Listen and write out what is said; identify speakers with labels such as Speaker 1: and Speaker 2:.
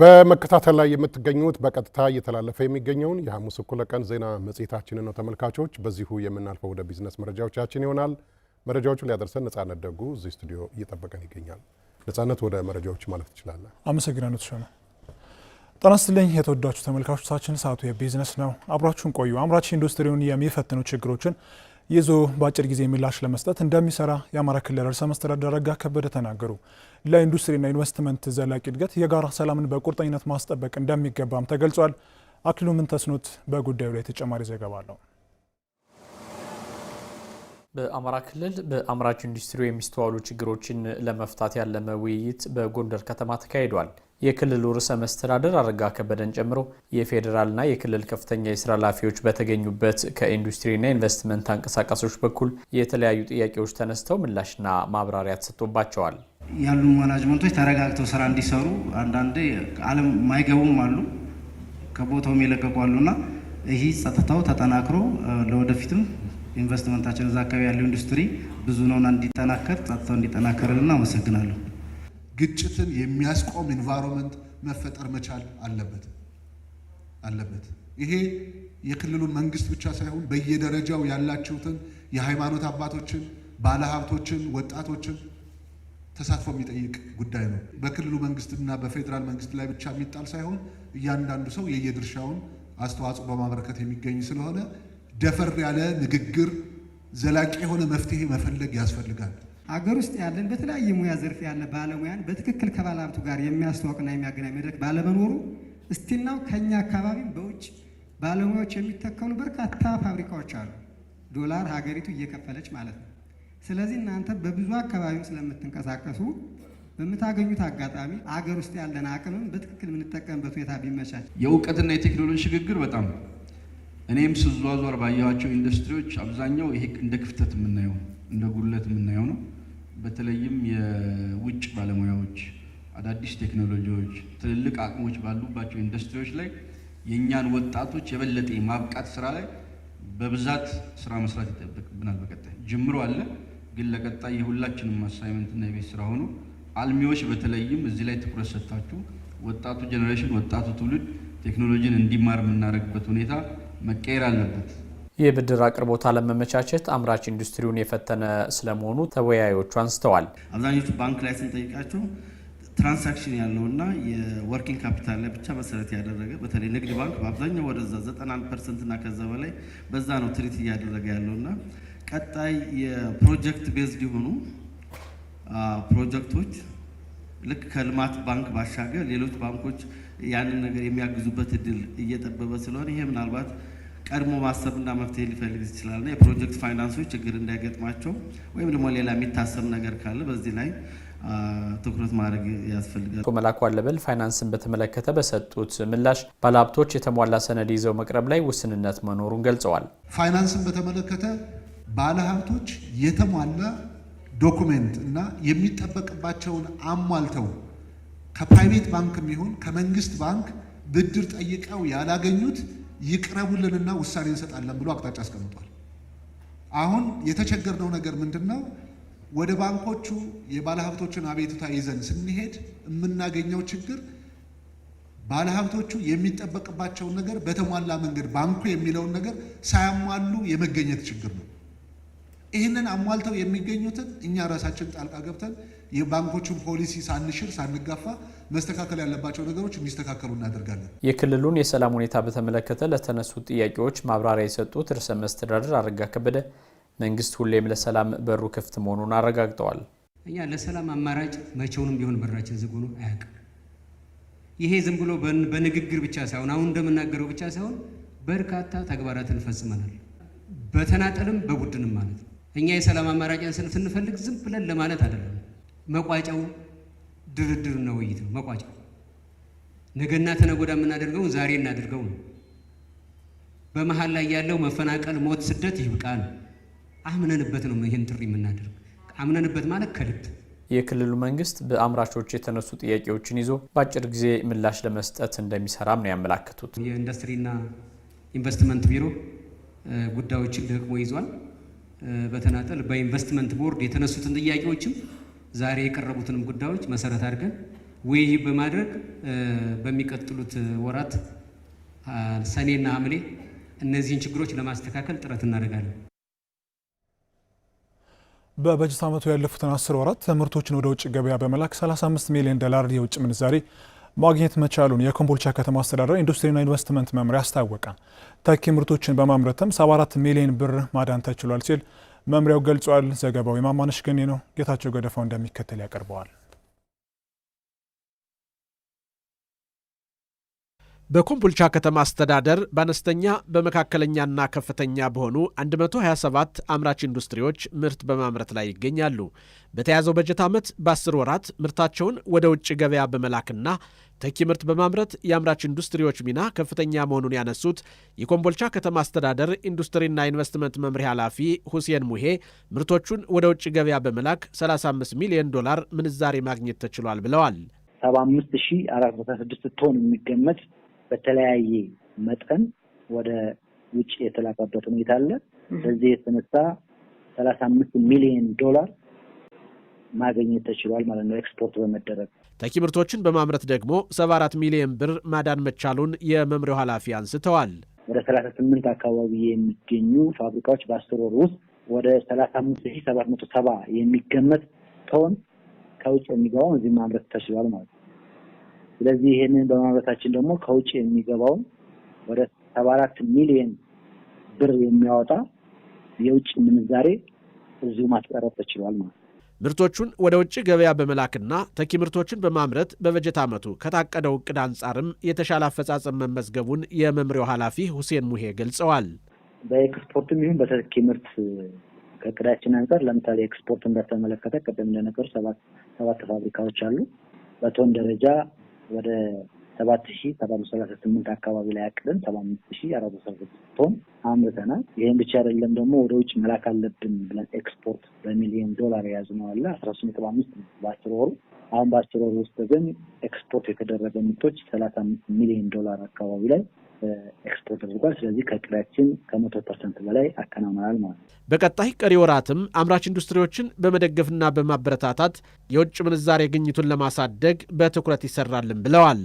Speaker 1: በመከታተል ላይ የምትገኙት በቀጥታ እየተላለፈ የሚገኘውን የሐሙስ እኩለ ቀን ዜና መጽሔታችንን ነው ተመልካቾች። በዚሁ የምናልፈው ወደ ቢዝነስ መረጃዎቻችን ይሆናል። መረጃዎቹን ሊያደርሰን ነጻነት ደጉ እዚህ ስቱዲዮ እየጠበቀን ይገኛል። ነጻነት፣ ወደ መረጃዎች ማለፍ ትችላለህ።
Speaker 2: አመሰግናለሁ ተሾመ። ጤና ይስጥልኝ የተወዳችሁ ተመልካቾቻችን፣ ሰዓቱ የቢዝነስ ነው። አብራችሁን ቆዩ። አምራች ኢንዱስትሪውን የሚፈትኑ ችግሮችን ይዞ በአጭር ጊዜ ምላሽ ለመስጠት እንደሚሰራ የአማራ ክልል ርዕሰ መስተዳድር አረጋ ከበደ ተናገሩ። ለኢንዱስትሪና ኢንቨስትመንት ዘላቂ እድገት የጋራ ሰላምን በቁርጠኝነት ማስጠበቅ እንደሚገባም ተገልጿል። አክሊሉ ምንተስኖት በጉዳዩ ላይ ተጨማሪ ዘገባ አለው።
Speaker 3: በአማራ ክልል በአምራች ኢንዱስትሪ የሚስተዋሉ ችግሮችን ለመፍታት ያለመ ውይይት በጎንደር ከተማ ተካሂዷል። የክልሉ ርዕሰ መስተዳደር አረጋ ከበደን ጨምሮ የፌዴራልና የክልል ከፍተኛ የስራ ኃላፊዎች በተገኙበት ከኢንዱስትሪና ኢንቨስትመንት አንቀሳቃሶች በኩል የተለያዩ ጥያቄዎች ተነስተው ምላሽና ማብራሪያ ተሰጥቶባቸዋል።
Speaker 4: ያሉ ማናጅመንቶች ተረጋግተው ስራ እንዲሰሩ አንዳንዴ አለም ማይገቡም አሉ ከቦታውም የለቀቁ አሉና ይህ ጸጥታው ተጠናክሮ ለወደፊትም ኢንቨስትመንታችን እዛ አካባቢ ያለው ኢንዱስትሪ ብዙ ነውና እንዲጠናከር ጸጥታው እንዲጠናከርልና አመሰግናለሁ።
Speaker 5: ግጭትን የሚያስቆም ኢንቫይሮንመንት መፈጠር መቻል አለበት አለበት። ይሄ የክልሉን መንግስት ብቻ ሳይሆን በየደረጃው ያላችሁትን የሃይማኖት አባቶችን፣ ባለሀብቶችን፣ ወጣቶችን ተሳትፎ የሚጠይቅ ጉዳይ ነው። በክልሉ መንግስትና በፌዴራል መንግስት ላይ ብቻ የሚጣል ሳይሆን እያንዳንዱ ሰው የየድርሻውን አስተዋጽኦ በማበረከት የሚገኝ ስለሆነ ደፈር ያለ ንግግር ዘላቂ የሆነ መፍትሄ መፈለግ ያስፈልጋል።
Speaker 6: አገር ውስጥ ያለን በተለያየ ሙያ ዘርፍ ያለ ባለሙያን በትክክል ከባለሀብቱ ጋር የሚያስተዋውቅና የሚያገናኝ መድረክ ባለመኖሩ እስቲናው ከኛ አካባቢ በውጭ ባለሙያዎች የሚተከሉ በርካታ ፋብሪካዎች አሉ። ዶላር ሀገሪቱ እየከፈለች ማለት ነው። ስለዚህ እናንተ በብዙ አካባቢም ስለምትንቀሳቀሱ በምታገኙት አጋጣሚ አገር ውስጥ ያለን አቅምም በትክክል የምንጠቀምበት ሁኔታ ቢመቻች
Speaker 7: የእውቀትና የቴክኖሎጂ ሽግግር በጣም እኔም ስዟዟር ባየኋቸው ኢንዱስትሪዎች አብዛኛው ይሄ እንደ ክፍተት የምናየው እንደ ጉድለት የምናየው ነው። በተለይም የውጭ ባለሙያዎች፣ አዳዲስ ቴክኖሎጂዎች፣ ትልልቅ አቅሞች ባሉባቸው ኢንዱስትሪዎች ላይ የእኛን ወጣቶች የበለጠ የማብቃት ስራ ላይ በብዛት ስራ መስራት ይጠበቅብናል። በቀጣይ ጅምሮ አለ፣ ግን ለቀጣይ የሁላችንም እና የቤት ስራ ሆኖ አልሚዎች በተለይም እዚህ ላይ ትኩረት ሰጥታችሁ ወጣቱ ጀኔሬሽን ወጣቱ ትውልድ ቴክኖሎጂን እንዲማር የምናደርግበት ሁኔታ መቀየር አለበት።
Speaker 3: የብድር አቅርቦት አለመመቻቸት አምራች ኢንዱስትሪውን የፈተነ ስለመሆኑ ተወያዮቹ አንስተዋል።
Speaker 8: አብዛኞቹ ባንክ ላይ ስንጠይቃቸው ትራንሳክሽን ያለውና የወርኪንግ ካፒታል ላይ ብቻ መሰረት ያደረገ በተለይ ንግድ ባንክ በአብዛኛው ወደዛ 91 ፐርሰንት እና ከዛ በላይ በዛ ነው ትሪት እያደረገ ያለውና ቀጣይ የፕሮጀክት ቤዝድ የሆኑ ፕሮጀክቶች ልክ ከልማት ባንክ ባሻገር ሌሎች ባንኮች ያንን ነገር የሚያግዙበት እድል እየጠበበ ስለሆነ ይሄ ምናልባት ቀድሞ ማሰብና መፍትሄ ሊፈልግ ይችላልና የፕሮጀክት ፋይናንሶች ችግር እንዳይገጥማቸው ወይም ደግሞ ሌላ የሚታሰብ ነገር ካለ በዚህ ላይ ትኩረት ማድረግ ያስፈልጋል።
Speaker 3: መላኩ አለበል ፋይናንስን በተመለከተ በሰጡት ምላሽ ባለሀብቶች የተሟላ ሰነድ ይዘው መቅረብ ላይ ውስንነት መኖሩን ገልጸዋል።
Speaker 5: ፋይናንስን በተመለከተ ባለሀብቶች የተሟላ ዶኩሜንት እና የሚጠበቅባቸውን አሟልተው ከፕራይቬት ባንክ የሚሆን ከመንግስት ባንክ ብድር ጠይቀው ያላገኙት ይቅረቡልንና ውሳኔ እንሰጣለን ብሎ አቅጣጫ አስቀምጧል። አሁን የተቸገርነው ነገር ምንድን ነው? ወደ ባንኮቹ የባለሀብቶችን አቤቱታ ይዘን ስንሄድ የምናገኘው ችግር ባለሀብቶቹ የሚጠበቅባቸውን ነገር በተሟላ መንገድ ባንኩ የሚለውን ነገር ሳያሟሉ የመገኘት ችግር ነው። ይህንን አሟልተው የሚገኙትን እኛ ራሳችን ጣልቃ ገብተን የባንኮቹን ፖሊሲ ሳንሽር ሳንጋፋ መስተካከል ያለባቸው ነገሮች እንዲስተካከሉ እናደርጋለን።
Speaker 3: የክልሉን የሰላም ሁኔታ በተመለከተ ለተነሱ ጥያቄዎች ማብራሪያ የሰጡት ርዕሰ መስተዳድር አረጋ ከበደ መንግስት ሁሌም ለሰላም በሩ ክፍት መሆኑን አረጋግጠዋል።
Speaker 9: እኛ ለሰላም አማራጭ መቼውንም ቢሆን በራችን ዝግ ሆኖ አያውቅም። ይሄ ዝም ብሎ በንግግር ብቻ ሳይሆን አሁን እንደምናገረው ብቻ ሳይሆን በርካታ ተግባራትን ፈጽመናል፣ በተናጠልም በቡድንም ማለት ነው። እኛ የሰላም አማራጭን ስንፈልግ ዝም ብለን ለማለት አይደለም መቋጫው ድርድር ነው፣ ውይይት ነው መቋጫው። ነገና ተነጎዳ የምናደርገውን ዛሬ እናድርገው ነው። በመሀል ላይ ያለው መፈናቀል፣ ሞት፣ ስደት ይብቃ ነው። አምነንበት ነው ይህን ጥሪ የምናደርግ። አምነንበት ማለት ከልብ
Speaker 3: የክልሉ መንግስት በአምራቾች የተነሱ ጥያቄዎችን ይዞ በአጭር ጊዜ ምላሽ ለመስጠት እንደሚሰራም ነው ያመላከቱት።
Speaker 4: የኢንዱስትሪና ኢንቨስትመንት ቢሮ ጉዳዮችን ደግሞ ይዟል። በተናጠል በኢንቨስትመንት ቦርድ የተነሱትን ጥያቄዎችም ዛሬ የቀረቡትንም ጉዳዮች መሰረት አድርገን ውይይት በማድረግ በሚቀጥሉት ወራት ሰኔና ሐምሌ እነዚህን ችግሮች ለማስተካከል ጥረት እናደርጋለን።
Speaker 2: በበጀት ዓመቱ ያለፉትን አስር ወራት ምርቶችን ወደ ውጭ ገበያ በመላክ 35 ሚሊዮን ዶላር የውጭ ምንዛሬ ማግኘት መቻሉን የኮምቦልቻ ከተማ አስተዳደር ኢንዱስትሪና ኢንቨስትመንት መምሪያ አስታወቀ። ተኪ ምርቶችን በማምረትም 74 ሚሊዮን ብር ማዳን ተችሏል ሲል መምሪያው ገልጿል። ዘገባው የማማነሽ ገኔ ነው። ጌታቸው ገደፋው እንደሚከተል ያቀርበዋል።
Speaker 3: በኮምቦልቻ ከተማ አስተዳደር በአነስተኛ በመካከለኛና ከፍተኛ በሆኑ 127 አምራች ኢንዱስትሪዎች ምርት በማምረት ላይ ይገኛሉ። በተያዘው በጀት ዓመት በ10 ወራት ምርታቸውን ወደ ውጭ ገበያ በመላክና ተኪ ምርት በማምረት የአምራች ኢንዱስትሪዎች ሚና ከፍተኛ መሆኑን ያነሱት የኮምቦልቻ ከተማ አስተዳደር ኢንዱስትሪና ኢንቨስትመንት መምሪያ ኃላፊ ሁሴን ሙሄ ምርቶቹን ወደ ውጭ ገበያ በመላክ 35 ሚሊዮን ዶላር ምንዛሬ ማግኘት ተችሏል ብለዋል።
Speaker 10: 75406 ቶን የሚገመት በተለያየ መጠን ወደ ውጭ የተላከበት ሁኔታ አለ። በዚህ የተነሳ ሰላሳ አምስት ሚሊዮን ዶላር ማግኘት ተችሏል ማለት ነው ኤክስፖርት በመደረግ
Speaker 3: ተኪ ምርቶችን በማምረት ደግሞ ሰባ አራት ሚሊዮን ብር ማዳን መቻሉን የመምሪያው ኃላፊ አንስተዋል።
Speaker 10: ወደ ሰላሳ ስምንት አካባቢ የሚገኙ ፋብሪካዎች በአስር ወር ውስጥ ወደ ሰላሳ አምስት ሺህ ሰባት መቶ ሰባ የሚገመት ቶን ከውጭ የሚገባው እዚህ ማምረት ተችሏል ማለት ነው። ስለዚህ ይሄንን በማምረታችን ደግሞ ከውጭ የሚገባውን ወደ ሰባ አራት ሚሊዮን ብር የሚያወጣ የውጭ ምንዛሬ እዚሁ ማስቀረት ተችሏል ማለት
Speaker 3: ምርቶቹን ወደ ውጭ ገበያ በመላክና ተኪ ምርቶችን በማምረት በበጀት ዓመቱ ከታቀደው እቅድ አንጻርም የተሻለ አፈጻጸም መመዝገቡን የመምሪያው ኃላፊ ሁሴን ሙሄ ገልጸዋል።
Speaker 10: በኤክስፖርትም ይሁን በተኪ ምርት ከእቅዳችን አንጻር ለምሳሌ ኤክስፖርትን በተመለከተ ቅድም እንደነገሩ ሰባት ፋብሪካዎች አሉ። በቶን ደረጃ ወደ ሰባት ሺ ሰባት ሰላሳ ስምንት አካባቢ ላይ አቅደን ሰባ አምስት ሺ አራት መቶ ሰላሳ ስድስት ቶን አምርተናል። ይህም ብቻ አይደለም ደግሞ ወደ ውጭ መላክ አለብን ብለን ኤክስፖርት በሚሊዮን ዶላር ነው አለ አስራ ሶስት ነጥብ አምስት በአስር ወሩ አሁን በአስር ወሩ ውስጥ ግን ኤክስፖርት የተደረገ ምርቶች ሰላሳ አምስት ሚሊዮን ዶላር አካባቢ ላይ ኤክስፖርት አድርጓል። ስለዚህ ከቅዳችን ከመቶ ፐርሰንት በላይ አከናውናል ማለት ነው።
Speaker 3: በቀጣይ ቀሪ ወራትም አምራች ኢንዱስትሪዎችን በመደገፍና በማበረታታት የውጭ ምንዛሬ ግኝቱን ለማሳደግ በትኩረት ይሰራልን ብለዋል።